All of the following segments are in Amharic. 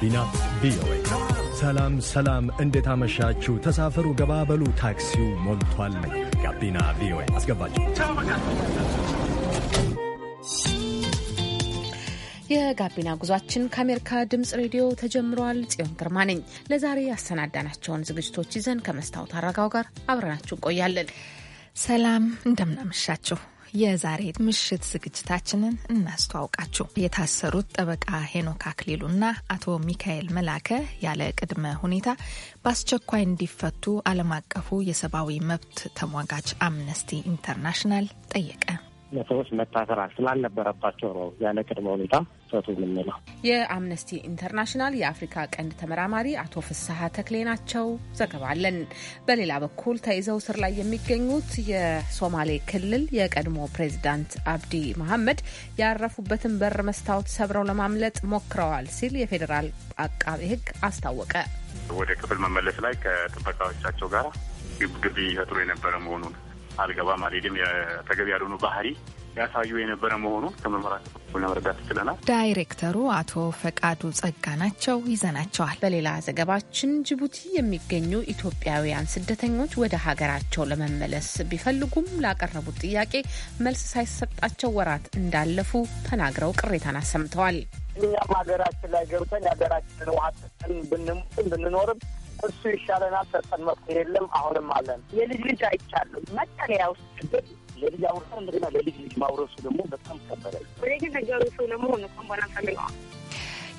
ጋቢና ቪኦኤ። ሰላም ሰላም፣ እንዴት አመሻችሁ? ተሳፈሩ፣ ገባበሉ፣ ታክሲው ሞልቷል። ጋቢና ቪኦኤ ሰላም ሰላም እንዴት አመሻችሁ ተሳፈሩ በሉ ታክሲው ሞልቷል ጋቢና ቪኦኤ አስገባችሁ የጋቢና ጉዟችን ከአሜሪካ ድምፅ ሬዲዮ ተጀምሯል። ጽዮን ግርማ ነኝ። ለዛሬ ያሰናዳናቸውን ዝግጅቶች ይዘን ከመስታወት አረጋው ጋር አብረናችሁ እንቆያለን። ሰላም፣ እንደምናመሻችሁ የዛሬ ምሽት ዝግጅታችንን እናስተዋውቃችሁ። የታሰሩት ጠበቃ ሄኖክ አክሊሉና አቶ ሚካኤል መላከ ያለ ቅድመ ሁኔታ በአስቸኳይ እንዲፈቱ ዓለም አቀፉ የሰብአዊ መብት ተሟጋች አምነስቲ ኢንተርናሽናል ጠየቀ። ለሰዎች መታሰራል ስላልነበረባቸው ነው ያለ ቅድመ ሁኔታ ሰቱ የምንለው። የአምነስቲ ኢንተርናሽናል የአፍሪካ ቀንድ ተመራማሪ አቶ ፍስሀ ተክሌ ናቸው። ዘገባ አለን። በሌላ በኩል ተይዘው ስር ላይ የሚገኙት የሶማሌ ክልል የቀድሞ ፕሬዚዳንት አብዲ መሐመድ ያረፉበትን በር መስታወት ሰብረው ለማምለጥ ሞክረዋል ሲል የፌዴራል አቃቤ ሕግ አስታወቀ። ወደ ክፍል መመለስ ላይ ከጥበቃዎቻቸው ጋር ግብግብ ይፈጥሩ የነበረ መሆኑን አልገባም አልሄድም ተገቢ ያልሆኑ ባህሪ ያሳዩ የነበረ መሆኑ ከምርመራ ለመረዳት ችለናል። ዳይሬክተሩ አቶ ፈቃዱ ጸጋ ናቸው ይዘናቸዋል። በሌላ ዘገባችን ጅቡቲ የሚገኙ ኢትዮጵያውያን ስደተኞች ወደ ሀገራቸው ለመመለስ ቢፈልጉም ላቀረቡት ጥያቄ መልስ ሳይሰጣቸው ወራት እንዳለፉ ተናግረው ቅሬታን አሰምተዋል። እኛም ሀገራችን ላይ ገብተን የሀገራችንን ውሀ ብንሞትም ብንኖርም እሱ ይሻለናል። ሰጠን መፍትሄ የለም። አሁንም አለን። የልጅ ልጅ አይቻለሁ መጠለያ ውስጥ ችግር ለልጅ አውርሰ እንደገና ለልጅ ልጅ ማውረሱ ደግሞ በጣም ከበደ። ወደ ግን ነገሩ ሰው ለመሆኑ ከንቦና ፈልገዋል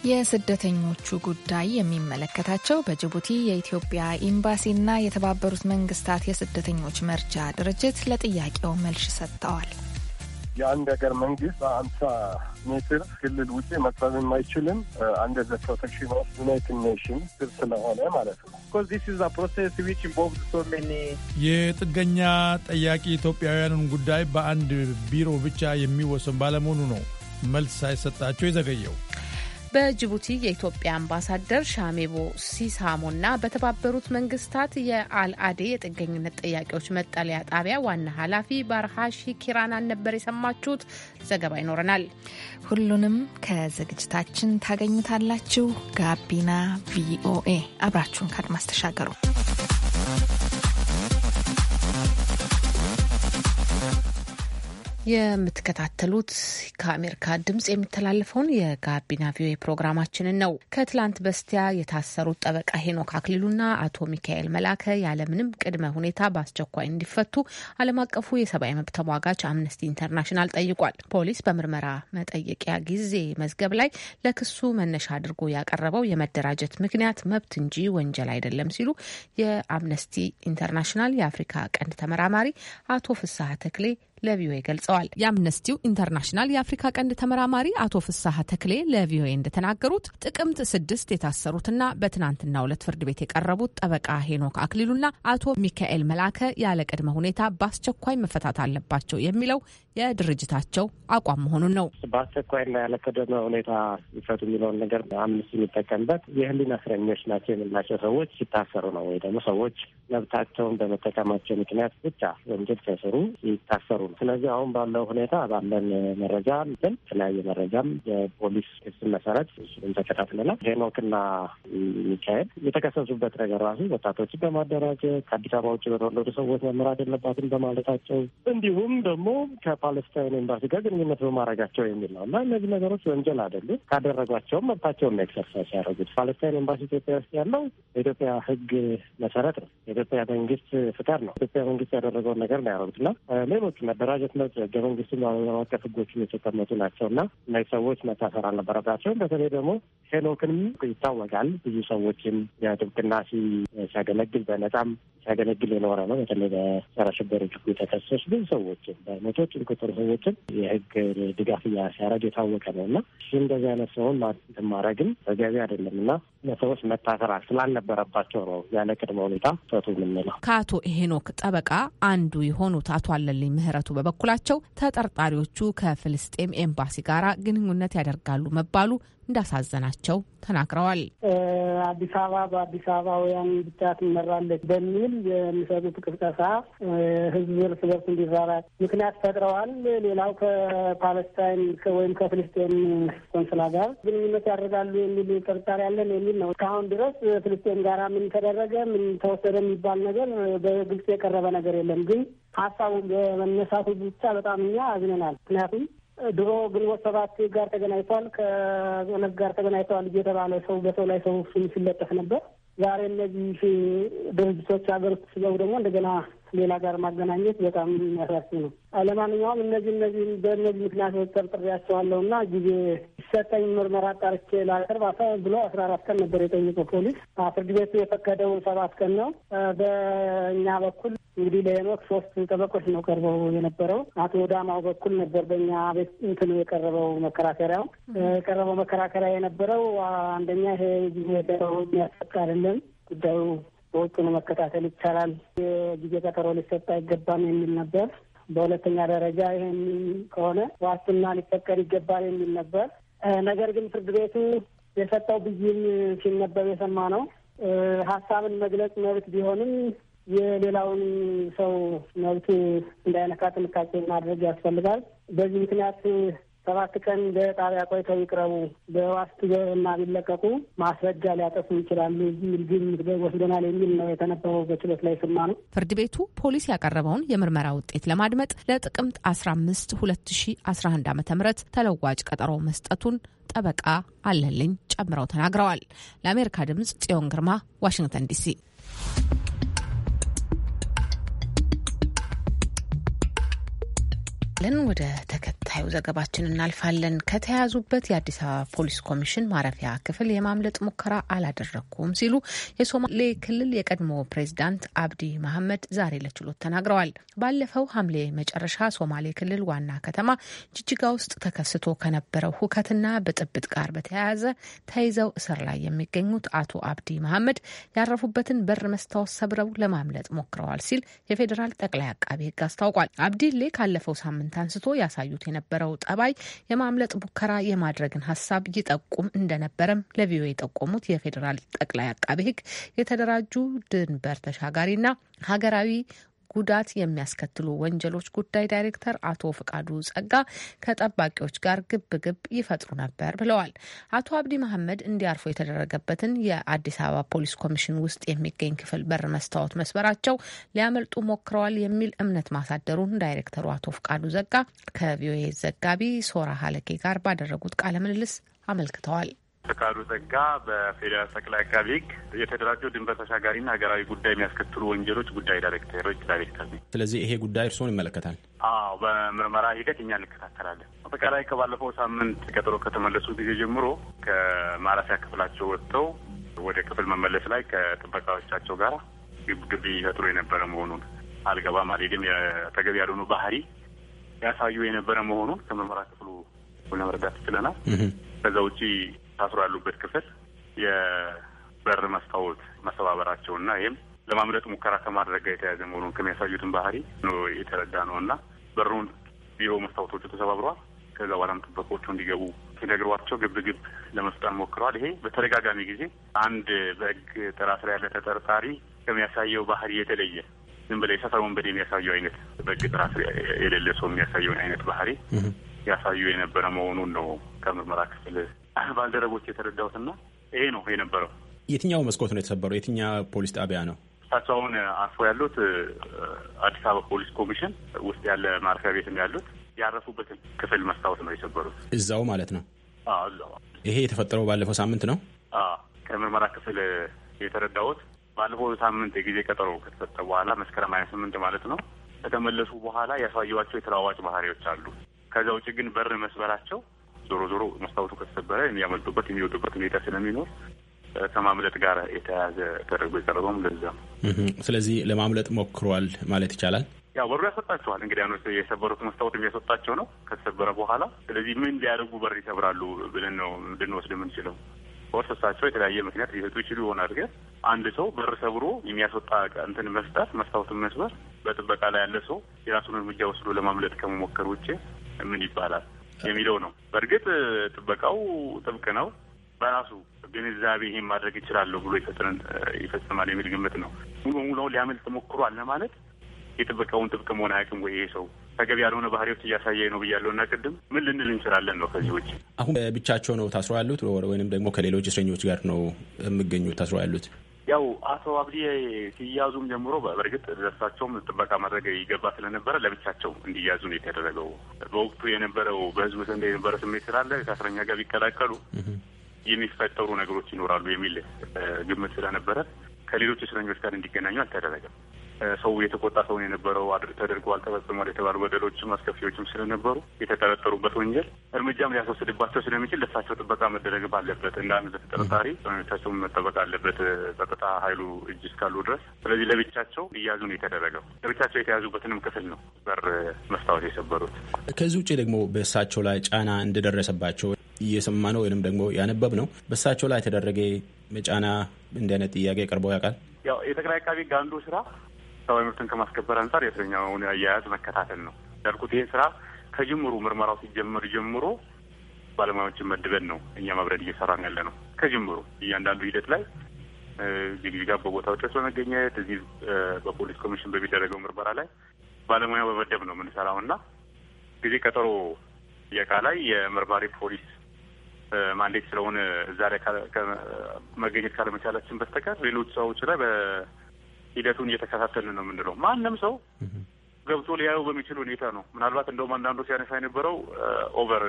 የስደተኞቹ ጉዳይ የሚመለከታቸው በጅቡቲ የኢትዮጵያ ኤምባሲና የተባበሩት መንግስታት የስደተኞች መርጃ ድርጅት ለጥያቄው መልስ ሰጥተዋል። የአንድ ሀገር መንግስት በአምሳ ሜትር ክልል ውጭ መጥረብም አይችልም አንደር ዘ ፕሮቴክሽን ኦፍ ዩናይትድ ኔሽን ስር ስለሆነ ማለት ነው። የጥገኛ ጠያቂ ኢትዮጵያውያንን ጉዳይ በአንድ ቢሮ ብቻ የሚወሰን ባለመሆኑ ነው መልስ ሳይሰጣቸው የዘገየው። በጅቡቲ የኢትዮጵያ አምባሳደር ሻሜቦ ሲሳሞና በተባበሩት መንግስታት የአልአዴ የጥገኝነት ጥያቄዎች መጠለያ ጣቢያ ዋና ኃላፊ ባርሃሺ ኪራናን ነበር የሰማችሁት። ዘገባ ይኖረናል። ሁሉንም ከዝግጅታችን ታገኙታላችሁ። ጋቢና ቪኦኤ አብራችሁን ካድማስ ተሻገሩ። የምትከታተሉት ከአሜሪካ ድምጽ የሚተላለፈውን የጋቢና ቪኦኤ ፕሮግራማችንን ነው። ከትላንት በስቲያ የታሰሩት ጠበቃ ሄኖክ አክሊሉና አቶ ሚካኤል መላከ ያለምንም ቅድመ ሁኔታ በአስቸኳይ እንዲፈቱ ዓለም አቀፉ የሰብአዊ መብት ተሟጋች አምነስቲ ኢንተርናሽናል ጠይቋል። ፖሊስ በምርመራ መጠየቂያ ጊዜ መዝገብ ላይ ለክሱ መነሻ አድርጎ ያቀረበው የመደራጀት ምክንያት መብት እንጂ ወንጀል አይደለም ሲሉ የአምነስቲ ኢንተርናሽናል የአፍሪካ ቀንድ ተመራማሪ አቶ ፍስሀ ተክሌ ለቪኦኤ ገልጸዋል። የአምነስቲው ኢንተርናሽናል የአፍሪካ ቀንድ ተመራማሪ አቶ ፍሳሐ ተክሌ ለቪኦኤ እንደተናገሩት ጥቅምት ስድስት የታሰሩትና በትናንትና ሁለት ፍርድ ቤት የቀረቡት ጠበቃ ሄኖክ አክሊሉና አቶ ሚካኤል መላከ ያለ ቅድመ ሁኔታ በአስቸኳይ መፈታት አለባቸው የሚለው የድርጅታቸው አቋም መሆኑን ነው። በአስቸኳይና ያለ ቅድመ ሁኔታ ይፈቱ የሚለውን ነገር አምነስቲ የሚጠቀምበት የህሊና እስረኞች ናቸው የምላቸው ሰዎች ሲታሰሩ ነው ወይ ደግሞ ሰዎች መብታቸውን በመጠቀማቸው ምክንያት ብቻ ወንጀል ሲያሰሩ ይታሰሩ ነው። ስለዚህ አሁን ባለው ሁኔታ ባለን መረጃ ትን የተለያየ መረጃም የፖሊስ ክስ መሰረት እሱም ተከታትለናል። ሄኖክና ሚካኤል የተከሰሱበት ነገር ራሱ ወጣቶችን በማደራጀት ከአዲስ አበባ ውጭ በተወለዱ ሰዎች መምራት የለባትም በማለታቸው እንዲሁም ደግሞ ከፓለስታይን ኤምባሲ ጋር ግንኙነት በማድረጋቸው የሚል ነው እና እነዚህ ነገሮች ወንጀል አይደሉም። ካደረጓቸውም መብታቸውን ነው ኤክሰርሳይዝ ያደረጉት። ፓለስታይን ኤምባሲ ኢትዮጵያ ውስጥ ያለው የኢትዮጵያ ሕግ መሰረት ነው። የኢትዮጵያ መንግስት ፍቃድ ነው። ኢትዮጵያ መንግስት ያደረገውን ነገር ነው ያደረጉት እና ሌሎቹ የመደራጀት መብት፣ ህገ መንግስቱም ዓለም አቀፍ ህጎችም የተቀመጡ ናቸው እና እነዚህ ሰዎች መታሰር አልነበረባቸውም። በተለይ ደግሞ ሄኖክንም ይታወቃል ብዙ ሰዎችም የድብቅና ሲያገለግል በነጻም ሲያገለግል የኖረ ነው። በተለይ በጸረ ሽብር ህግ የተከሰሱ ብዙ ሰዎችም በመቶች ቁጥር ሰዎችም የህግ ድጋፍ ሲያደርግ የታወቀ ነው እና እንደዚህ አይነት ሰውን ማድረግም ተገቢ አይደለም እና ለሰዎች መታሰራል ስላልነበረባቸው ነው ያለ ቅድመ ሁኔታ ሰቱ የምንለው ከአቶ ሄኖክ ጠበቃ አንዱ የሆኑት አቶ አለልኝ ምህረቱ ባለስልጣናቱ በበኩላቸው ተጠርጣሪዎቹ ከፍልስጤም ኤምባሲ ጋር ግንኙነት ያደርጋሉ መባሉ እንዳሳዘናቸው ተናግረዋል። አዲስ አበባ በአዲስ አበባውያን ብቻ ትመራለች በሚል የሚሰጡት ቅስቀሳ ህዝብ እርስ በርስ እንዲራራ ምክንያት ፈጥረዋል። ሌላው ከፓለስታይን ወይም ከፍልስጤን ቆንስላ ጋር ግንኙነት ያደርጋሉ የሚል ጥርጣሬ ያለን የሚል ነው። እስካሁን ድረስ ፍልስጤን ጋራ ምን ተደረገ ምን ተወሰደ የሚባል ነገር በግልጽ የቀረበ ነገር የለም ግን ሀሳቡ በመነሳቱ ብቻ በጣም እኛ አዝነናል። ምክንያቱም ድሮ ግንቦት ሰባት ጋር ተገናኝተዋል፣ ከነት ጋር ተገናኝተዋል እየተባለ ሰው በሰው ላይ ሰው ሲለጠፍ ነበር። ዛሬ እነዚህ ድርጅቶች ሀገር ውስጥ ሲገቡ ደግሞ እንደገና ሌላ ጋር ማገናኘት በጣም የሚያሳስብ ነው። አለማንኛውም እነዚህ እነዚህ በእነዚህ ምክንያቶች ጠርጥሬያቸዋለሁ እና ጊዜ ሲሰጠኝ ምርመራ አጣርቼ ላቅርብ ብሎ አስራ አራት ቀን ነበር የጠየቀው ፖሊስ። ፍርድ ቤቱ የፈቀደውን ሰባት ቀን ነው። በእኛ በኩል እንግዲህ ለሄኖክ ሶስት ጠበቆች ነው ቀርበው የነበረው። አቶ ዳማው በኩል ነበር በእኛ ቤት እንትን የቀረበው መከራከሪያው የቀረበው መከራከሪያ የነበረው አንደኛ ይሄ ጊዜ የሚያስፈቅ አይደለም ጉዳዩ ውጭን መከታተል ይቻላል፣ የጊዜ ቀጠሮ ሊሰጥ አይገባም የሚል ነበር። በሁለተኛ ደረጃ ይህን ከሆነ ዋስትና ሊፈቀድ ይገባል የሚል ነበር። ነገር ግን ፍርድ ቤቱ የሰጠው ብይን ሲነበብ የሰማ ነው ሀሳብን መግለጽ መብት ቢሆንም የሌላውን ሰው መብት እንዳይነካ ጥንቃቄ ማድረግ ያስፈልጋል። በዚህ ምክንያት ሰባት ቀን በጣቢያ ቆይተው ይቅረቡ፣ በዋስትና ቢለቀቁ ማስረጃ ሊያጠፉ ይችላሉ የሚል ግምት ወስደናል የሚል ነው የተነበበው በችሎት ላይ ስማ ነው። ፍርድ ቤቱ ፖሊስ ያቀረበውን የምርመራ ውጤት ለማድመጥ ለጥቅምት አስራ አምስት ሁለት ሺ አስራ አንድ አመተ ምህረት ተለዋጭ ቀጠሮ መስጠቱን ጠበቃ አለልኝ ጨምረው ተናግረዋል። ለአሜሪካ ድምጽ ጽዮን ግርማ ዋሽንግተን ዲሲ። ለን ወደ ተከ ተከታዩ ዘገባችን እናልፋለን። ከተያዙበት የአዲስ አበባ ፖሊስ ኮሚሽን ማረፊያ ክፍል የማምለጥ ሙከራ አላደረግኩም ሲሉ የሶማሌ ክልል የቀድሞ ፕሬዚዳንት አብዲ መሐመድ ዛሬ ለችሎት ተናግረዋል። ባለፈው ሐምሌ መጨረሻ ሶማሌ ክልል ዋና ከተማ ጅጅጋ ውስጥ ተከስቶ ከነበረው ሁከትና ብጥብጥ ጋር በተያያዘ ተይዘው እስር ላይ የሚገኙት አቶ አብዲ መሐመድ ያረፉበትን በር መስታወት ሰብረው ለማምለጥ ሞክረዋል ሲል የፌዴራል ጠቅላይ አቃቢ ሕግ አስታውቋል። አብዲሌ ካለፈው ሳምንት አንስቶ ያሳዩት ከነበረው ጠባይ የማምለጥ ሙከራ የማድረግን ሀሳብ ይጠቁም እንደነበረም ለቪኦኤ የጠቆሙት የፌዴራል ጠቅላይ አቃቤ ሕግ የተደራጁ ድንበር ተሻጋሪና ሀገራዊ ጉዳት የሚያስከትሉ ወንጀሎች ጉዳይ ዳይሬክተር አቶ ፍቃዱ ጸጋ ከጠባቂዎች ጋር ግብ ግብ ይፈጥሩ ነበር ብለዋል። አቶ አብዲ መሐመድ እንዲያርፉ የተደረገበትን የአዲስ አበባ ፖሊስ ኮሚሽን ውስጥ የሚገኝ ክፍል በር መስታወት መስበራቸው ሊያመልጡ ሞክረዋል የሚል እምነት ማሳደሩን ዳይሬክተሩ አቶ ፍቃዱ ዘጋ ከቪኦኤ ዘጋቢ ሶራ ሀለኬ ጋር ባደረጉት ቃለ ምልልስ አመልክተዋል። ፈቃዱ ጸጋ በፌዴራል ጠቅላይ አቃቢ ህግ የተደራጀው ድንበር ተሻጋሪና ሀገራዊ ጉዳይ የሚያስከትሉ ወንጀሎች ጉዳይ ዳይሬክተሮች ዳይሬክተር ነኝ። ስለዚህ ይሄ ጉዳይ እርስዎን ይመለከታል? አዎ፣ በምርመራ ሂደት እኛ እንከታተላለን። አጠቃላይ ከባለፈው ሳምንት ቀጠሮ ከተመለሱ ጊዜ ጀምሮ ከማረፊያ ክፍላቸው ወጥተው ወደ ክፍል መመለስ ላይ ከጥበቃዎቻቸው ጋር ግብግብ ይፈጥሩ የነበረ መሆኑን አልገባም አልሄድም ተገቢ ያልሆኑ ባህሪ ያሳዩ የነበረ መሆኑን ከምርመራ ክፍሉ ለመረዳት ችለናል። ከዛ ውጪ ታስሮ ያሉበት ክፍል የበር መስታወት መሰባበራቸውና ይህም ለማምለጥ ሙከራ ከማድረግ ጋር የተያዘ መሆኑን ከሚያሳዩትን ባህሪ የተረዳ ነው እና በሩን ቢሮ መስታወቶቹ ተሰባብረዋል። ከዛ በኋላም ጥበቆቹ እንዲገቡ ሲነግሯቸው ግብ ግብ ለመፍጠር ሞክረዋል። ይሄ በተደጋጋሚ ጊዜ አንድ በህግ ጥራ ስራ ያለ ተጠርጣሪ ከሚያሳየው ባህሪ የተለየ ዝም ብላ የሰፈር ወንበዴ የሚያሳየው አይነት በህግ ጥራ ስር የሌለ ሰው የሚያሳየውን አይነት ባህሪ ያሳዩ የነበረ መሆኑን ነው ከምርመራ ክፍል ባልደረቦች የተረዳሁትና ይሄ ነው የነበረው። የትኛው መስኮት ነው የተሰበረው? የትኛ ፖሊስ ጣቢያ ነው? እሳቸው አሁን አርፎ ያሉት አዲስ አበባ ፖሊስ ኮሚሽን ውስጥ ያለ ማረፊያ ቤት ነው ያሉት። ያረፉበትን ክፍል መስታወት ነው የሰበሩት። እዛው ማለት ነው። ይሄ የተፈጠረው ባለፈው ሳምንት ነው። ከምርመራ ክፍል የተረዳሁት ባለፈው ሳምንት የጊዜ ቀጠሮ ከተሰጠ በኋላ መስከረም ሀያ ስምንት ማለት ነው ከተመለሱ በኋላ ያሳየዋቸው የተለዋዋጭ ባህሪዎች አሉ። ከዛ ውጭ ግን በር መስበራቸው ዞሮ ዞሮ መስታወቱ ከተሰበረ የሚያመልጡበት የሚወጡበት ሁኔታ ስለሚኖር ከማምለጥ ጋር የተያያዘ ተደርጎ የቀረበውም ለዛ ስለዚህ ለማምለጥ ሞክሯል ማለት ይቻላል። ያው በሩ ያስወጣቸዋል። እንግዲህ ያኖ የሰበሩት መስታወት የሚያስወጣቸው ነው ከተሰበረ በኋላ። ስለዚህ ምን ሊያደርጉ በር ይሰብራሉ ብለን ነው ልንወስድ የምንችለው። ወርሰሳቸው የተለያየ ምክንያት ሊሰጡ ይችሉ ይሆን ግን አንድ ሰው በር ሰብሮ የሚያስወጣ እንትን መፍጠር መስታወትን መስበር በጥበቃ ላይ ያለ ሰው የራሱን እርምጃ ወስዶ ለማምለጥ ከመሞከር ውጭ ምን ይባላል? የሚለው ነው። በእርግጥ ጥበቃው ጥብቅ ነው። በራሱ ግንዛቤ ይሄን ማድረግ ይችላለሁ ብሎ ይፈጽማል የሚል ግምት ነው። ሙሉ በሙሉ ሊያመልጥ ሞክሯል ለማለት የጥበቃውን ጥብቅ መሆን አያውቅም ወይ ይሄ ሰው ተገቢ ያልሆነ ባህሪዎች እያሳየ ነው ብያለሁ እና ቅድም ምን ልንል እንችላለን ነው። ከዚህ ውጭ አሁን ብቻቸው ነው ታስሮ ያሉት ወይንም ደግሞ ከሌሎች እስረኞች ጋር ነው የሚገኙት ታስሮ ያሉት? ያው አቶ አብዲ ሲያዙም ጀምሮ በእርግጥ ደርሳቸውም ጥበቃ ማድረግ ይገባ ስለነበረ ለብቻቸው እንዲያዙ ነው የተደረገው። በወቅቱ የነበረው በህዝብ ዘንድ የነበረ ስሜት ስላለ ከእስረኛ ጋር ቢቀላቀሉ የሚፈጠሩ ነገሮች ይኖራሉ የሚል ግምት ስለነበረ ከሌሎች እስረኞች ጋር እንዲገናኙ አልተደረገም። ሰው የተቆጣ ሰውን የነበረው ተደርገዋል ተፈጽሟል የተባሉ በደሎችም አስከፊዎችም ስለነበሩ የተጠረጠሩበት ወንጀል እርምጃም ሊያስወስድባቸው ስለሚችል ለሳቸው ጥበቃ መደረግም አለበት። እንደ አንድ ተጠርጣሪ መብታቸውም መጠበቅ አለበት ጸጥታ ኃይሉ እጅ እስካሉ ድረስ። ስለዚህ ለብቻቸው እያዙ ነው የተደረገው። ለብቻቸው የተያዙበትንም ክፍል ነው በር መስታወት የሰበሩት። ከዚህ ውጭ ደግሞ በእሳቸው ላይ ጫና እንደደረሰባቸው እየሰማ ነው ወይንም ደግሞ ያነበብ ነው። በእሳቸው ላይ የተደረገ ጫና እንዲህ ጥያቄ ቀርበው ያውቃል? ያው የጠቅላይ አካባቢ ሕግ ስራ ሰብአዊ መብትን ከማስከበር አንጻር የእስረኛውን አያያዝ መከታተል ነው ያልኩት። ይህን ስራ ከጅምሩ ምርመራው ሲጀመር ጀምሮ ባለሙያዎችን መድበን ነው እኛ ማብረድ እየሰራን ያለ ነው። ከጅምሩ እያንዳንዱ ሂደት ላይ ጋር በቦታው ድረስ በመገኘት እዚህ በፖሊስ ኮሚሽን በሚደረገው ምርመራ ላይ ባለሙያ በመደብ ነው የምንሰራው እና ጊዜ ቀጠሮ የቃ ላይ የመርማሪ ፖሊስ ማንዴት ስለሆነ እዛ ላይ መገኘት ካለመቻላችን በስተቀር ሌሎች ሰዎች ላይ ሂደቱን እየተከታተልን ነው የምንለው። ማንም ሰው ገብቶ ሊያየው በሚችል ሁኔታ ነው። ምናልባት እንደውም አንዳንዱ ሲያነሳ የነበረው ኦቨር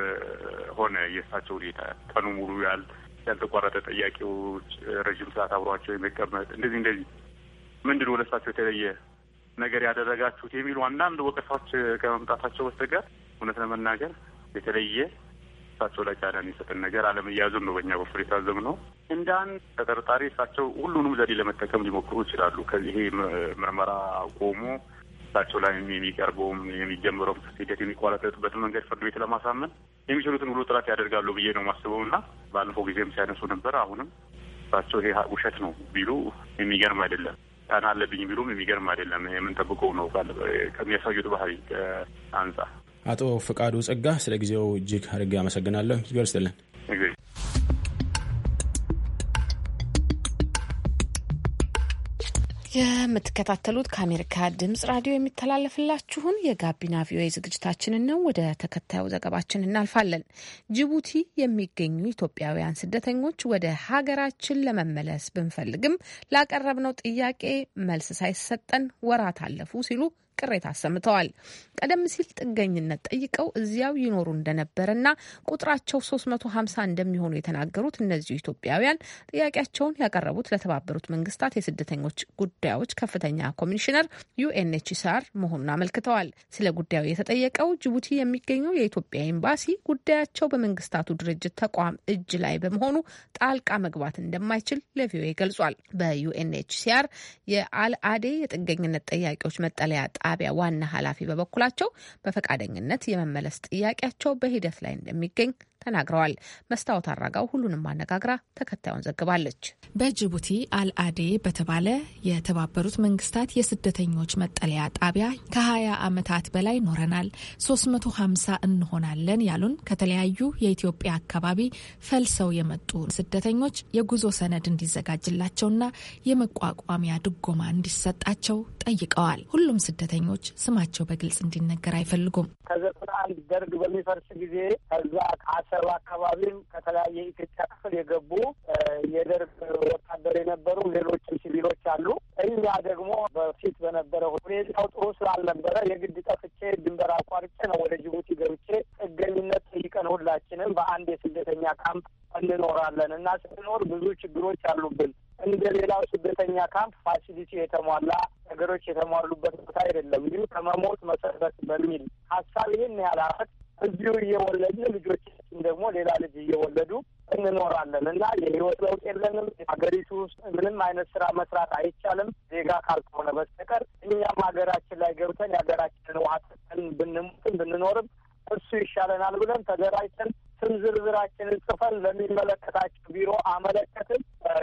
ሆነ የእሳቸው ሁኔታ ቀኑ ሙሉ ያል ያልተቋረጠ ጥያቄዎች፣ ረዥም ሰዓት አብሯቸው የመቀመጥ እንደዚህ እንደዚህ ምንድን ወደ እሳቸው የተለየ ነገር ያደረጋችሁት የሚሉ አንዳንድ ወቀሳዎች ከመምጣታቸው በስተቀር እውነት ለመናገር የተለየ እሳቸው ላይ ጫና የሚሰጥን ነገር አለመያዙን ነው በእኛ በኩል የታዘብ ነው። እንደ አንድ ተጠርጣሪ እሳቸው ሁሉንም ዘዴ ለመጠቀም ሊሞክሩ ይችላሉ። ከዚህ ምርመራ ቆሞ እሳቸው ላይ የሚቀርበውም የሚጀምረውም ክስ ሂደት መንገድ ፍርድ ቤት ለማሳመን የሚችሉትን ሁሉ ጥረት ያደርጋሉ ብዬ ነው የማስበው እና ባለፈው ጊዜም ሲያነሱ ነበር። አሁንም እሳቸው ይሄ ውሸት ነው ቢሉ የሚገርም አይደለም። ጫና አለብኝ ቢሉም የሚገርም አይደለም። የምንጠብቀው ነው ከሚያሳዩት ባህሪ አንጻር አቶ ፍቃዱ ጸጋ ስለ ጊዜው እጅግ አድርጌ አመሰግናለሁ። እግዚአብሔር ይስጥልን። የምትከታተሉት ከአሜሪካ ድምጽ ራዲዮ የሚተላለፍላችሁን የጋቢና ቪኦኤ ዝግጅታችንን ነው። ወደ ተከታዩ ዘገባችን እናልፋለን። ጅቡቲ የሚገኙ ኢትዮጵያውያን ስደተኞች ወደ ሀገራችን ለመመለስ ብንፈልግም ላቀረብነው ጥያቄ መልስ ሳይሰጠን ወራት አለፉ ሲሉ ቅሬታ አሰምተዋል። ቀደም ሲል ጥገኝነት ጠይቀው እዚያው ይኖሩ እንደነበረና ቁጥራቸው 350 እንደሚሆኑ የተናገሩት እነዚሁ ኢትዮጵያውያን ጥያቄያቸውን ያቀረቡት ለተባበሩት መንግስታት የስደተኞች ጉዳዮች ከፍተኛ ኮሚሽነር ዩኤንኤችሲአር መሆኑን አመልክተዋል። ስለ ጉዳዩ የተጠየቀው ጅቡቲ የሚገኘው የኢትዮጵያ ኤምባሲ ጉዳያቸው በመንግስታቱ ድርጅት ተቋም እጅ ላይ በመሆኑ ጣልቃ መግባት እንደማይችል ለቪኦኤ ገልጿል። በዩኤንኤችሲአር የአልአዴ የጥገኝነት ጠያቄዎች መጠለያ ጣቢያ ዋና ኃላፊ በበኩላቸው በፈቃደኝነት የመመለስ ጥያቄያቸው በሂደት ላይ እንደሚገኝ ተናግረዋል። መስታወት አራጋው ሁሉንም አነጋግራ ተከታዩን ዘግባለች። በጅቡቲ አልአዴ በተባለ የተባበሩት መንግስታት የስደተኞች መጠለያ ጣቢያ ከ20 ዓመታት በላይ ኖረናል። 350 እንሆናለን ያሉን ከተለያዩ የኢትዮጵያ አካባቢ ፈልሰው የመጡ ስደተኞች የጉዞ ሰነድ እንዲዘጋጅላቸውና የመቋቋሚያ ድጎማ እንዲሰጣቸው ጠይቀዋል። ሁሉም ስደተ ጋዜጠኞች ስማቸው በግልጽ እንዲነገር አይፈልጉም። ከዘጠና አንድ ደርግ በሚፈርስ ጊዜ ከዛ ከአሰብ አካባቢም ከተለያየ ኢትዮጵያ ክፍል የገቡ የደርግ ወታደር የነበሩ ሌሎችም ሲቪሎች አሉ። እኛ ደግሞ በፊት በነበረ ሁኔታው ጥሩ ስላልነበረ የግድ ጠፍቼ ድንበር አቋርጬ ነው ወደ ጅቡቲ ገብቼ ጥገኝነት ጠይቀን ሁላችንም በአንድ የስደተኛ ካምፕ እንኖራለን እና ስንኖር ብዙ ችግሮች አሉብን። እንደ ሌላው ስደተኛ ካምፕ ፋሲሊቲ የተሟላ ነገሮች የተሟሉበት ቦታ አይደለም። ይህ ከመሞት መሰረት በሚል ሀሳብ ይህን ያህል አመት እዚሁ እየወለድን ልጆቻችን ደግሞ ሌላ ልጅ እየወለዱ እንኖራለን እና የህይወት ለውጥ የለንም። ሀገሪቱ ውስጥ ምንም አይነት ስራ መስራት አይቻልም ዜጋ ካልሆነ በስተቀር እኛም ሀገራችን ላይ ገብተን የሀገራችንን ውሀ ብንሞትም ብንኖርም እሱ ይሻለናል ብለን ተደራጅተን ስም ዝርዝራችንን ጽፈን ለሚመለከታቸው ቢሮ አመለከትን።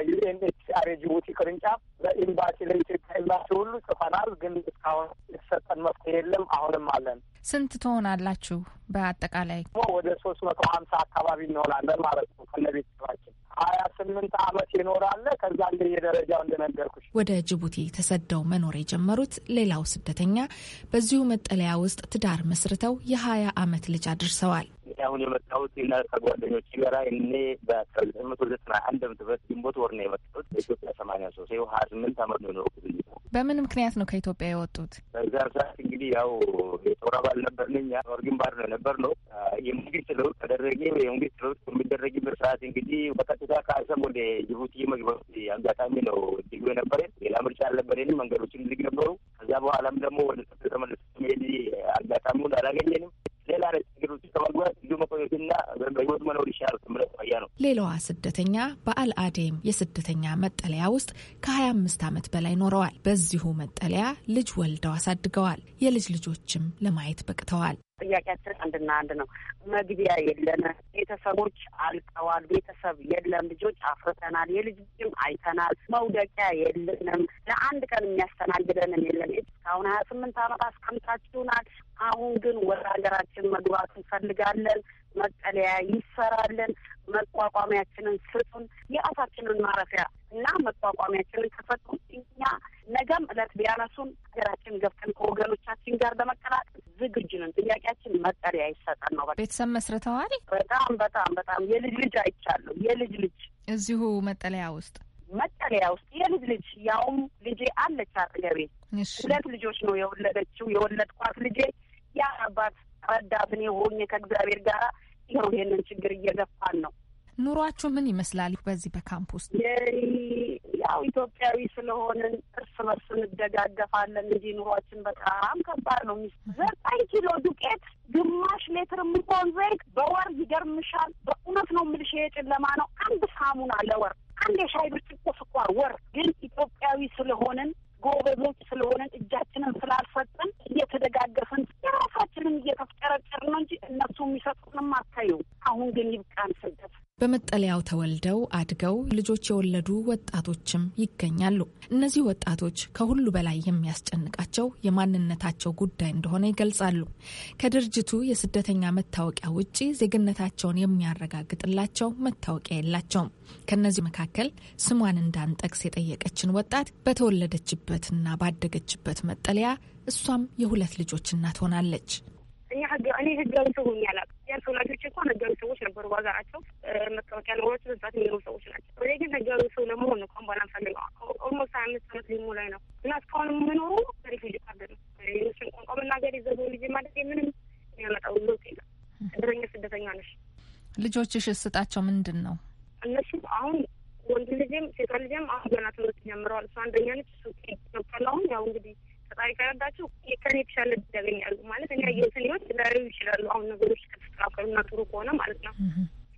ዩኤንኤችሲአር የጅቡቲ ቅርንጫፍ በኢምባሲ ለኢትዮጵያ ኤምባሲ ሁሉ ጽፈናል፣ ግን እስካሁን የተሰጠን መፍትሄ የለም። አሁንም አለን። ስንት ትሆናላችሁ? በአጠቃላይ ወደ ሶስት መቶ ሀምሳ አካባቢ እንሆናለን ማለት ነው ከነ ቤተሰባችን ሀያ ስምንት አመት ይኖራለ። ከዛ እንደ የደረጃው እንደነገርኩሽ ወደ ጅቡቲ ተሰደው መኖር የጀመሩት ሌላው ስደተኛ በዚሁ መጠለያ ውስጥ ትዳር መስርተው የሀያ አመት ልጅ አድርሰዋል። አሁን የመጣሁት እና ከጓደኞች ጋራ እኔ በአስራ ዘጠኝ መቶ ዘጠና አንድ ዓመተ ድረስ ግንቦት ወር ነው የመጣሁት በኢትዮጵያ ሰማንያ ሶስት ይኸው ሀያ ስምንት አመት ነው ኖርኩት። በምን ምክንያት ነው ከኢትዮጵያ የወጡት? በዛን ሰዓት እንግዲህ ያው የጦር አባል ነበር ነኝ ጦር ግንባር ነው የነበር ነው የመንግስት ለውጥ ተደረገ። የመንግስት ለውጥ በሚደረግበት ሰዓት እንግዲህ በቀጥታ ከአሰብ ወደ ጅቡቲ መግባት አጋጣሚ ነው ዲጉ የነበረን ሌላ ምርጫ አልነበረንም። መንገዶችን ዝግ ነበሩ። ከዛ በኋላም ደግሞ ወደ ተመለስ ሄድ አጋጣሚውን አላገኘንም። ሌላ ነ ከችግር ውጭ ከመግባት ብዙ መቆየትና በህይወት መኖር ምለት ነው። ሌላዋ ስደተኛ በአልአዴም የስደተኛ መጠለያ ውስጥ ከሀያ አምስት ዓመት በላይ ኖረዋል። በዚሁ መጠለያ ልጅ ወልደው አሳድገዋል። የልጅ ልጆችም ለማየት በቅተዋል። ጥያቄያችን አንድና አንድ ነው። መግቢያ የለን። ቤተሰቦች አልቀዋል። ቤተሰብ የለም። ልጆች አፍርተናል። የልጅ ልጅም አይተናል። መውደቂያ የለንም። ለአንድ ቀን የሚያስተናግደንም የለን። እስካሁን ሀያ ስምንት ዓመት አስቀምጣችሁናል። አሁን ግን ወደ ሀገራችን መግባት እንፈልጋለን። መጠለያ ይሰራለን። መቋቋሚያችንን ስጡን። የራሳችንን ማረፊያ እና መቋቋሚያችንን ከፈጡ እኛ ነገም እለት ቢያነሱን ሀገራችን ገብተን ከወገኖቻችን ጋር ለመቀላቀል ዝግጁ ነን። ጥያቄያችን መጠለያ ይሰጠን ነው። ቤተሰብ መስርተዋል። በጣም በጣም በጣም የልጅ ልጅ አይቻለሁ። የልጅ ልጅ እዚሁ መጠለያ ውስጥ መጠለያ ውስጥ የልጅ ልጅ ያውም ልጄ አለች አጠገቤ። ሁለት ልጆች ነው የወለደችው የወለድኳት ልጄ ያ አባት ረዳት እኔ ሆኜ ከእግዚአብሔር ጋር ይኸው ይሄንን ችግር እየገፋን ነው። ኑሯችሁ ምን ይመስላል በዚህ በካምፕ ውስጥ? ያው ኢትዮጵያዊ ስለሆንን እርስ በርስ እንደጋገፋለን እንጂ ኑሯችን በጣም ከባድ ነው። ዘጠኝ ኪሎ ዱቄት፣ ግማሽ ሌትር የምንሆን ዘይት በወር ይገርምሻል። በእውነት ነው የምልሽ፣ የጨለማ ነው። አንድ ሳሙና ለወር አንድ የሻይ ብርጭቆ ስኳር ወር። ግን ኢትዮጵያዊ ስለሆንን በመጠለያው ተወልደው አድገው ልጆች የወለዱ ወጣቶችም ይገኛሉ። እነዚህ ወጣቶች ከሁሉ በላይ የሚያስጨንቃቸው የማንነታቸው ጉዳይ እንደሆነ ይገልጻሉ። ከድርጅቱ የስደተኛ መታወቂያ ውጪ ዜግነታቸውን የሚያረጋግጥላቸው መታወቂያ የላቸውም። ከነዚህ መካከል ስሟን እንዳንጠቅስ የጠየቀችን ወጣት በተወለደችበትና ባደገችበት መጠለያ እሷም የሁለት ልጆች እናት ሆናለች። እኔ ህጋዊ ትሆኛላል ያልፍ ወላጆች እኮ ነገሩ ሰዎች ነበሩ። በሀገራቸው መታወቂያ ለሆኖች መስራት የሚኖሩ ሰዎች ናቸው። እኔ ግን ነገሩ ሰው ለመሆን ነው። ከአሁን በኋላ ፈልገ ኦልሞስት ሀያ አምስት አመት ሊሞ ላይ ነው እና እስካሁን የምኖሩ ሪፊውጂ ካርድ ነው። ሌሎችን ቋንቋ መናገር የዘቦ ልጅ ማለት የምንም የሚያመጣው ለውጥ የለም። ስደተኛ ስደተኛ ነሽ። ልጆችሽ ስጣቸው ምንድን ነው? እነሱም አሁን ወንድ ልጅም ሴቷ ልጅም አሁን ገና ትምህርት ጀምረዋል። እሱ አንደኛ ነች። እሱ ገብቷል። አሁን ያው እንግዲህ ፈጣሪ ከረዳቸው ከኔ የተሻለ ያገኛሉ ማለት እኔ ያየሁትን ህይወት ሊያዩ ይችላሉ። አሁን ነገሮች ከተስተካከሉ ከተስተካከሉና ጥሩ ከሆነ ማለት ነው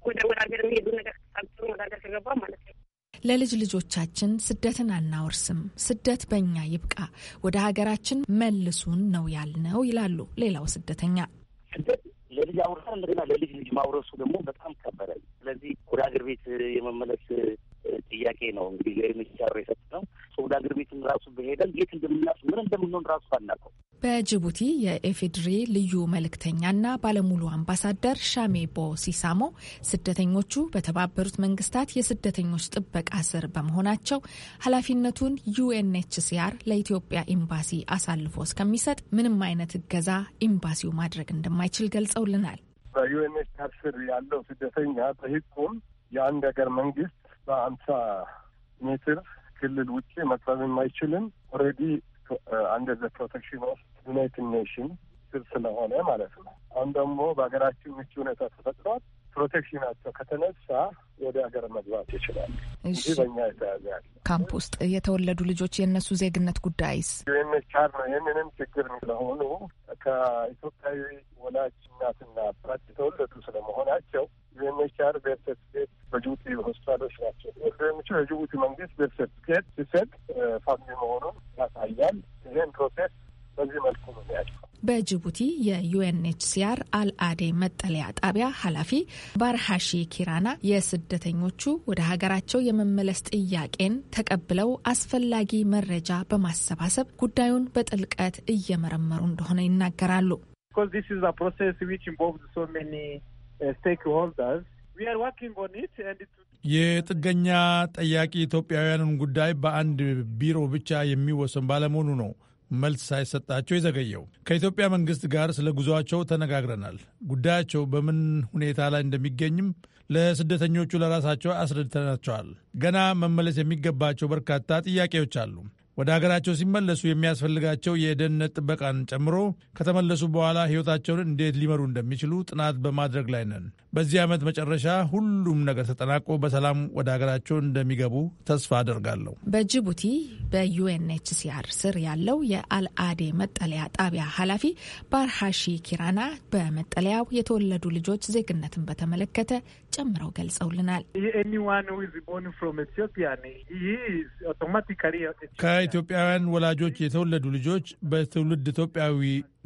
ወደ ወደ ሀገር የሚሄዱ ነገር ከተስተካከሉ ወደ ሀገር ከገባ ማለት ነው። ለልጅ ልጆቻችን ስደትን አናወርስም፣ ስደት በእኛ ይብቃ፣ ወደ ሀገራችን መልሱን ነው ያልነው ይላሉ ሌላው ስደተኛ። ስደት ለልጅ አውርሰን እንደገና ለልጅ ልጅ ማውረሱ ደግሞ በጣም ከበደ። ስለዚህ ወደ ሀገር ቤት የመመለስ ጥያቄ ነው እንግዲህ ለሚቻሩ የሰጥ ነው ወደ አገር ቤትም ራሱ በሄደን የት እንደምናርስ ምን እንደምንሆን ራሱ አናውቀው። በጅቡቲ የኤፌድሪ ልዩ መልእክተኛና ባለሙሉ አምባሳደር ሻሜቦ ሲሳሞ ስደተኞቹ በተባበሩት መንግስታት የስደተኞች ጥበቃ ስር በመሆናቸው ኃላፊነቱን ዩኤንኤችሲአር ለኢትዮጵያ ኤምባሲ አሳልፎ እስከሚሰጥ ምንም አይነት እገዛ ኤምባሲው ማድረግ እንደማይችል ገልጸውልናል። በዩኤንኤችሲአር ስር ያለው ስደተኛ በሕጉም የአንድ ሀገር መንግስት በአምሳ ሜትር ክልል ውጭ መጥፋት የማይችልም ኦልሬዲ አንደ ዘ ፕሮቴክሽን ኦፍ ዩናይትድ ኔሽን ስር ስለሆነ ማለት ነው። አሁን ደግሞ በሀገራችን ምቹ ሁኔታ ተፈጥሯል። ፕሮቴክሽናቸው ከተነሳ ወደ ሀገር መግባት ይችላል እንጂ በእኛ የተያዘ ያለ ካምፕ ውስጥ የተወለዱ ልጆች የእነሱ ዜግነት ጉዳይስ ዩኤንኤችሲአር ነው ይህንንም ችግር ስለሆኑ ከኢትዮጵያዊ ወላጅ እናትና አባት የተወለዱ ስለመሆናቸው ዘመቻር ቤት ሰርቲፊኬት በጅቡቲ ሆስፒታሎች ናቸው ዘመቻ የጅቡቲ መንግስት ቤት ሰርቲፊኬት ሲሰጥ ፋሚሊ መሆኑን ያሳያል። ይህን ፕሮሴስ በዚህ መልኩ ነው ያለው። በጅቡቲ የዩኤንኤችሲአር አልአዴ መጠለያ ጣቢያ ኃላፊ ባርሃሺ ኪራና የስደተኞቹ ወደ ሀገራቸው የመመለስ ጥያቄን ተቀብለው አስፈላጊ መረጃ በማሰባሰብ ጉዳዩን በጥልቀት እየመረመሩ እንደሆነ ይናገራሉ። Uh, የጥገኛ ጠያቂ ኢትዮጵያውያንን ጉዳይ በአንድ ቢሮ ብቻ የሚወሰን ባለመሆኑ ነው መልስ ሳይሰጣቸው የዘገየው። ከኢትዮጵያ መንግስት ጋር ስለ ጉዟቸው ተነጋግረናል። ጉዳያቸው በምን ሁኔታ ላይ እንደሚገኝም ለስደተኞቹ ለራሳቸው አስረድተናቸዋል። ገና መመለስ የሚገባቸው በርካታ ጥያቄዎች አሉ። ወደ ሀገራቸው ሲመለሱ የሚያስፈልጋቸው የደህንነት ጥበቃን ጨምሮ ከተመለሱ በኋላ ሕይወታቸውን እንዴት ሊመሩ እንደሚችሉ ጥናት በማድረግ ላይ ነን። በዚህ ዓመት መጨረሻ ሁሉም ነገር ተጠናቆ በሰላም ወደ ሀገራቸው እንደሚገቡ ተስፋ አደርጋለሁ። በጅቡቲ በዩኤንኤችሲአር ስር ያለው የአልአዴ መጠለያ ጣቢያ ኃላፊ ባርሃሺ ኪራና በመጠለያው የተወለዱ ልጆች ዜግነትን በተመለከተ ጨምረው ገልጸውልናል። ከኢትዮጵያውያን ወላጆች የተወለዱ ልጆች በትውልድ ኢትዮጵያዊ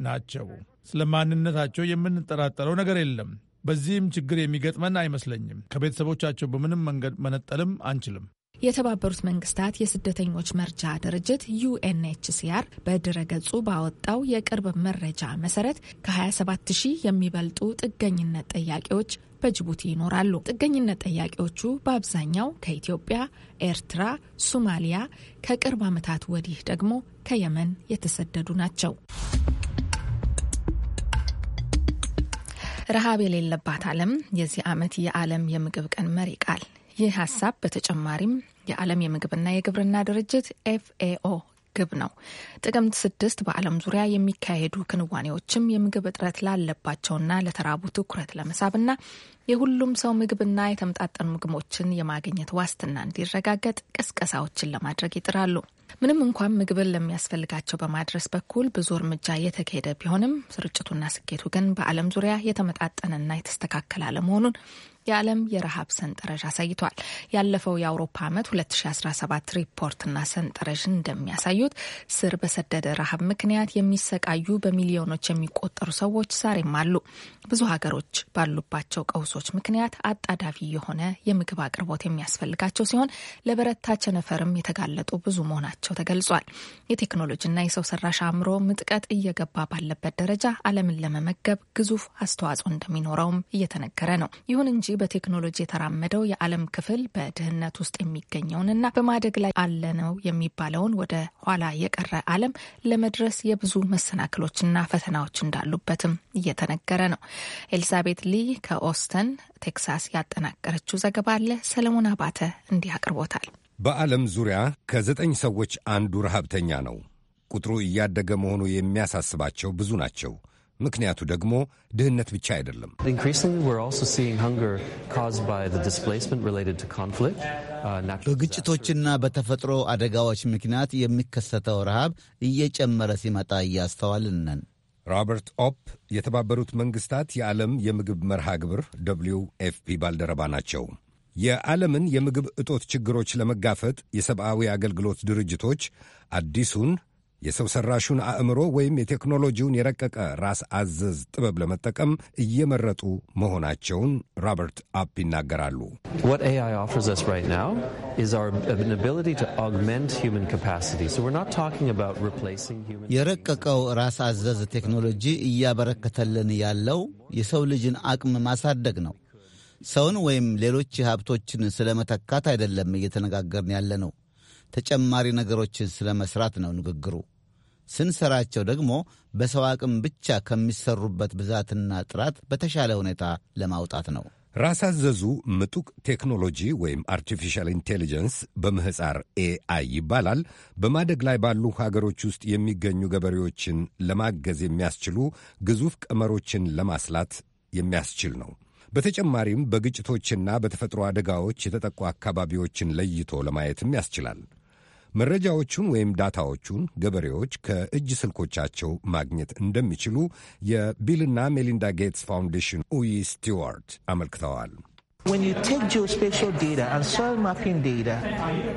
ናቸው። ስለ ማንነታቸው የምንጠራጠረው ነገር የለም። በዚህም ችግር የሚገጥመን አይመስለኝም። ከቤተሰቦቻቸው በምንም መንገድ መነጠልም አንችልም። የተባበሩት መንግስታት የስደተኞች መርጃ ድርጅት ዩኤንኤችሲአር በድረገጹ ባወጣው የቅርብ መረጃ መሰረት ከ27 ሺህ የሚበልጡ ጥገኝነት ጠያቂዎች በጅቡቲ ይኖራሉ። ጥገኝነት ጠያቂዎቹ በአብዛኛው ከኢትዮጵያ፣ ኤርትራ፣ ሱማሊያ ከቅርብ ዓመታት ወዲህ ደግሞ ከየመን የተሰደዱ ናቸው። ረሃብ የሌለባት ዓለም የዚህ ዓመት የዓለም የምግብ ቀን መሪ ቃል። ይህ ሀሳብ በተጨማሪም የዓለም የምግብና የግብርና ድርጅት ኤፍኤኦ ግብ ነው። ጥቅምት ስድስት በዓለም ዙሪያ የሚካሄዱ ክንዋኔዎችም የምግብ እጥረት ላለባቸውና ለተራቡ ትኩረት ለመሳብና የሁሉም ሰው ምግብና የተመጣጠኑ ምግቦችን የማግኘት ዋስትና እንዲረጋገጥ ቅስቀሳዎችን ለማድረግ ይጥራሉ። ምንም እንኳን ምግብን ለሚያስፈልጋቸው በማድረስ በኩል ብዙ እርምጃ የተካሄደ ቢሆንም ስርጭቱና ስኬቱ ግን በዓለም ዙሪያ የተመጣጠነና የተስተካከለ አለመሆኑን የዓለም የረሃብ ሰንጠረዥ አሳይቷል። ያለፈው የአውሮፓ ዓመት 2017 ሪፖርትና ሰንጠረዥ እንደሚያሳዩት ስር በሰደደ ረሃብ ምክንያት የሚሰቃዩ በሚሊዮኖች የሚቆጠሩ ሰዎች ዛሬም አሉ። ብዙ ሀገሮች ባሉባቸው ቀውሶች ምክንያት አጣዳፊ የሆነ የምግብ አቅርቦት የሚያስፈልጋቸው ሲሆን ለበረታ ቸነፈርም የተጋለጡ ብዙ መሆናቸው ተገልጿል። የቴክኖሎጂና የሰው ሰራሽ አእምሮ ምጥቀት እየገባ ባለበት ደረጃ ዓለምን ለመመገብ ግዙፍ አስተዋጽኦ እንደሚኖረውም እየተነገረ ነው። ይሁን እንጂ በቴክኖሎጂ የተራመደው የዓለም ክፍል በድህነት ውስጥ የሚገኘውንና በማደግ ላይ አለ ነው የሚባለውን ወደ ኋላ የቀረ ዓለም ለመድረስ የብዙ መሰናክሎችና ፈተናዎች እንዳሉበትም እየተነገረ ነው። ኤልዛቤት ሊ ከኦስተን ቴክሳስ ያጠናቀረችው ዘገባ አለ። ሰለሞን አባተ እንዲህ አቅርቦታል። በዓለም ዙሪያ ከዘጠኝ ሰዎች አንዱ ረሃብተኛ ነው። ቁጥሩ እያደገ መሆኑ የሚያሳስባቸው ብዙ ናቸው። ምክንያቱ ደግሞ ድህነት ብቻ አይደለም። uh, በግጭቶችና በተፈጥሮ አደጋዎች ምክንያት የሚከሰተው ረሃብ እየጨመረ ሲመጣ እያስተዋልን ነን። ሮበርት ኦፕ የተባበሩት መንግሥታት የዓለም የምግብ መርሃ ግብር ደብልዩ ኤፍፒ ፒ ባልደረባ ናቸው። የዓለምን የምግብ እጦት ችግሮች ለመጋፈጥ የሰብአዊ አገልግሎት ድርጅቶች አዲሱን የሰው ሰራሹን አእምሮ ወይም የቴክኖሎጂውን የረቀቀ ራስ አዘዝ ጥበብ ለመጠቀም እየመረጡ መሆናቸውን ሮበርት አፕ ይናገራሉ። የረቀቀው ራስ አዘዝ ቴክኖሎጂ እያበረከተልን ያለው የሰው ልጅን አቅም ማሳደግ ነው። ሰውን ወይም ሌሎች ሀብቶችን ስለመተካት አይደለም እየተነጋገርን ያለ ነው። ተጨማሪ ነገሮችን ስለመስራት ነው ንግግሩ። ስንሰራቸው ደግሞ በሰው አቅም ብቻ ከሚሰሩበት ብዛትና ጥራት በተሻለ ሁኔታ ለማውጣት ነው። ራስ አዘዙ ምጡቅ ቴክኖሎጂ ወይም አርቲፊሻል ኢንቴሊጀንስ በምህፃር ኤአይ ይባላል። በማደግ ላይ ባሉ ሀገሮች ውስጥ የሚገኙ ገበሬዎችን ለማገዝ የሚያስችሉ ግዙፍ ቀመሮችን ለማስላት የሚያስችል ነው። በተጨማሪም በግጭቶችና በተፈጥሮ አደጋዎች የተጠቁ አካባቢዎችን ለይቶ ለማየትም ያስችላል። መረጃዎቹን ወይም ዳታዎቹን ገበሬዎች ከእጅ ስልኮቻቸው ማግኘት እንደሚችሉ የቢልና ሜሊንዳ ጌትስ ፋውንዴሽን ኡይ ስቲዋርት አመልክተዋል። When you take geospatial data and soil mapping data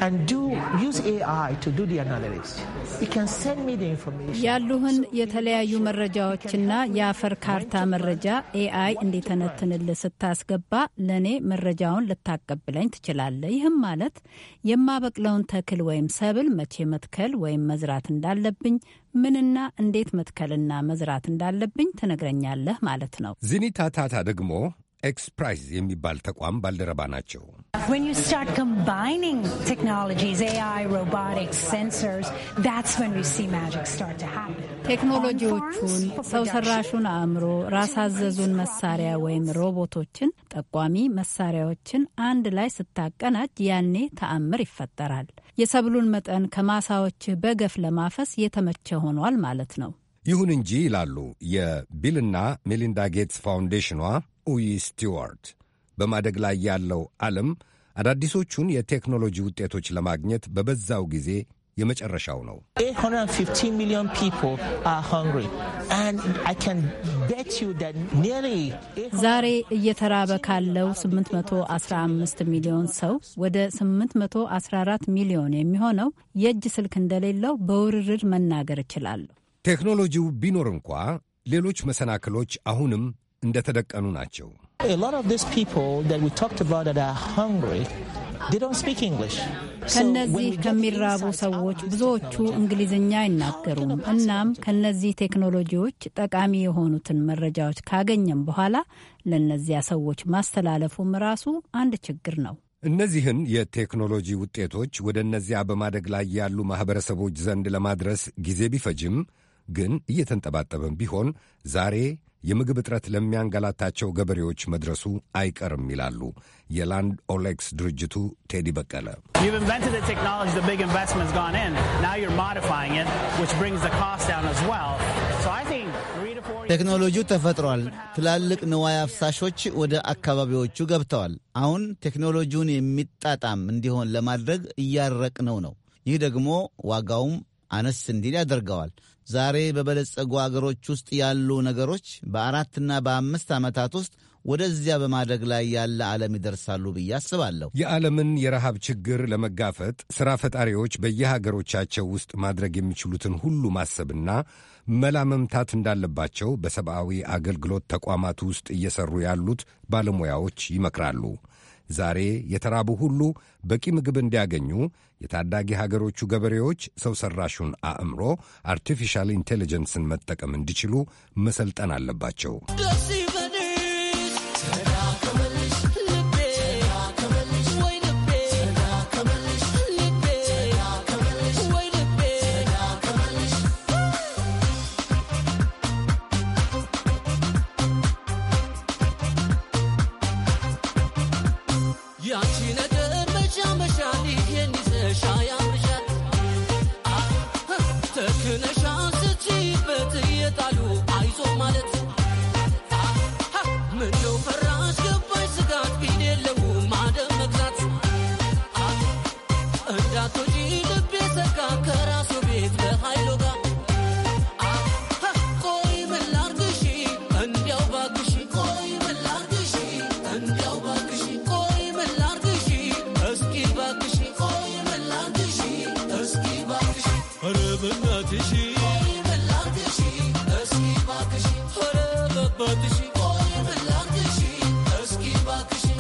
and do use AI to do the analysis, it can send me the information. ያሉህን የተለያዩ መረጃዎችና የአፈር ካርታ መረጃ ኤአይ እንዲተነትንልህ ስታስገባ ለእኔ መረጃውን ልታቀብለኝ ትችላለህ። ይህም ማለት የማበቅለውን ተክል ወይም ሰብል መቼ መትከል ወይም መዝራት እንዳለብኝ ምንና እንዴት መትከልና መዝራት እንዳለብኝ ትነግረኛለህ ማለት ነው። ዚኒታ ታታ ደግሞ ኤክስፕራይዝ የሚባል ተቋም ባልደረባ ናቸው። ቴክኖሎጂዎቹን፣ ሰው ሰራሹን አእምሮ፣ ራስ አዘዙን መሳሪያ ወይም ሮቦቶችን፣ ጠቋሚ መሳሪያዎችን አንድ ላይ ስታቀናጅ ያኔ ተአምር ይፈጠራል። የሰብሉን መጠን ከማሳዎች በገፍ ለማፈስ የተመቸ ሆኗል ማለት ነው። ይሁን እንጂ ይላሉ የቢልና ሜሊንዳ ጌትስ ፋውንዴሽኗ ኡይ ስቲዋርት በማደግ ላይ ያለው ዓለም አዳዲሶቹን የቴክኖሎጂ ውጤቶች ለማግኘት በበዛው ጊዜ የመጨረሻው ነው። ዛሬ እየተራበ ካለው 815 ሚሊዮን ሰው ወደ 814 ሚሊዮን የሚሆነው የእጅ ስልክ እንደሌለው በውርርድ መናገር እችላለሁ። ቴክኖሎጂው ቢኖር እንኳ ሌሎች መሰናክሎች አሁንም እንደተደቀኑ ናቸው። ከነዚህ ከሚራቡ ሰዎች ብዙዎቹ እንግሊዝኛ አይናገሩም። እናም ከነዚህ ቴክኖሎጂዎች ጠቃሚ የሆኑትን መረጃዎች ካገኘም በኋላ ለእነዚያ ሰዎች ማስተላለፉም ራሱ አንድ ችግር ነው። እነዚህን የቴክኖሎጂ ውጤቶች ወደ እነዚያ በማደግ ላይ ያሉ ማኅበረሰቦች ዘንድ ለማድረስ ጊዜ ቢፈጅም ግን እየተንጠባጠበም ቢሆን ዛሬ የምግብ እጥረት ለሚያንገላታቸው ገበሬዎች መድረሱ አይቀርም ይላሉ የላንድ ኦሌክስ ድርጅቱ ቴዲ በቀለ። ቴክኖሎጂው ተፈጥሯል። ትላልቅ ንዋይ አፍሳሾች ወደ አካባቢዎቹ ገብተዋል። አሁን ቴክኖሎጂውን የሚጣጣም እንዲሆን ለማድረግ እያረቅነው ነው። ይህ ደግሞ ዋጋውም አነስ እንዲል ያደርገዋል። ዛሬ በበለጸጉ አገሮች ውስጥ ያሉ ነገሮች በአራትና በአምስት ዓመታት ውስጥ ወደዚያ በማደግ ላይ ያለ ዓለም ይደርሳሉ ብዬ አስባለሁ። የዓለምን የረሃብ ችግር ለመጋፈጥ ሥራ ፈጣሪዎች በየሀገሮቻቸው ውስጥ ማድረግ የሚችሉትን ሁሉ ማሰብና መላ መምታት እንዳለባቸው በሰብአዊ አገልግሎት ተቋማት ውስጥ እየሰሩ ያሉት ባለሙያዎች ይመክራሉ። ዛሬ የተራቡ ሁሉ በቂ ምግብ እንዲያገኙ የታዳጊ ሀገሮቹ ገበሬዎች ሰው ሰራሹን አእምሮ አርቲፊሻል ኢንቴሊጀንስን መጠቀም እንዲችሉ መሰልጠን አለባቸው።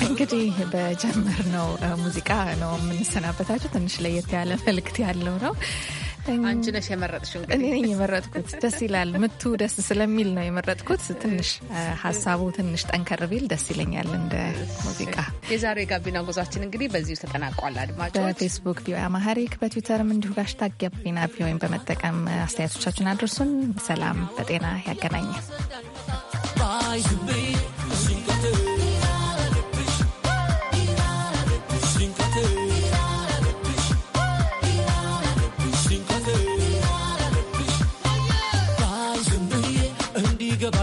እንግዲህ በጀመርነው ሙዚቃ ነው የምንሰናበታቸው። ትንሽ ለየት ያለ መልእክት ያለው ነው። አንቺ ነሽ የመረጥሽው? እኔ ነኝ የመረጥኩት። ደስ ይላል። ምቱ ደስ ስለሚል ነው የመረጥኩት። ትንሽ ሀሳቡ ትንሽ ጠንከር ቢል ደስ ይለኛል እንደ ሙዚቃ። የዛሬ የጋቢና ጉዟችን እንግዲህ በዚሁ ተጠናቋል። አድማጮች በፌስቡክ ቪኦኤ አማሃሪክ በትዊተርም እንዲሁ ሃሽታግ ጋቢና ቪኦኤን በመጠቀም አስተያየቶቻችን አድርሱን። ሰላም በጤና ያገናኘን።